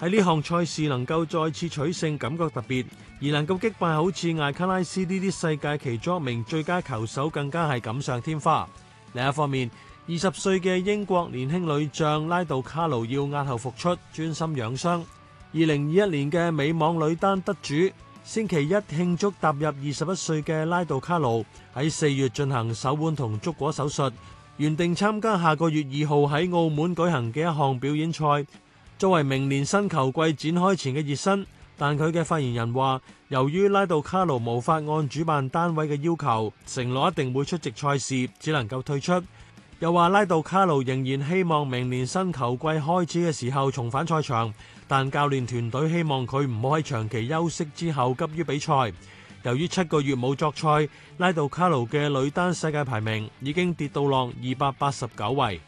喺呢項賽事能夠再次取勝，感覺特別；而能夠擊敗好似艾卡拉斯呢啲世界其中一名最佳球手，更加係錦上添花。另一方面，二十歲嘅英國年輕女將拉杜卡魯要押後復出，專心養傷。二零二一年嘅美網女單得主，星期一慶祝踏入二十一歲嘅拉杜卡魯喺四月進行手腕同足踝手術，原定參加下個月二號喺澳門舉行嘅一項表演賽。作為明年新球季展開前嘅熱身，但佢嘅發言人話，由於拉杜卡魯無法按主辦單位嘅要求承諾一定會出席賽事，只能夠退出。又話拉杜卡魯仍然希望明年新球季開始嘅時候重返賽場，但教練團隊希望佢唔好喺長期休息之後急於比賽。由於七個月冇作賽，拉杜卡魯嘅女單世界排名已經跌到落二百八十九位。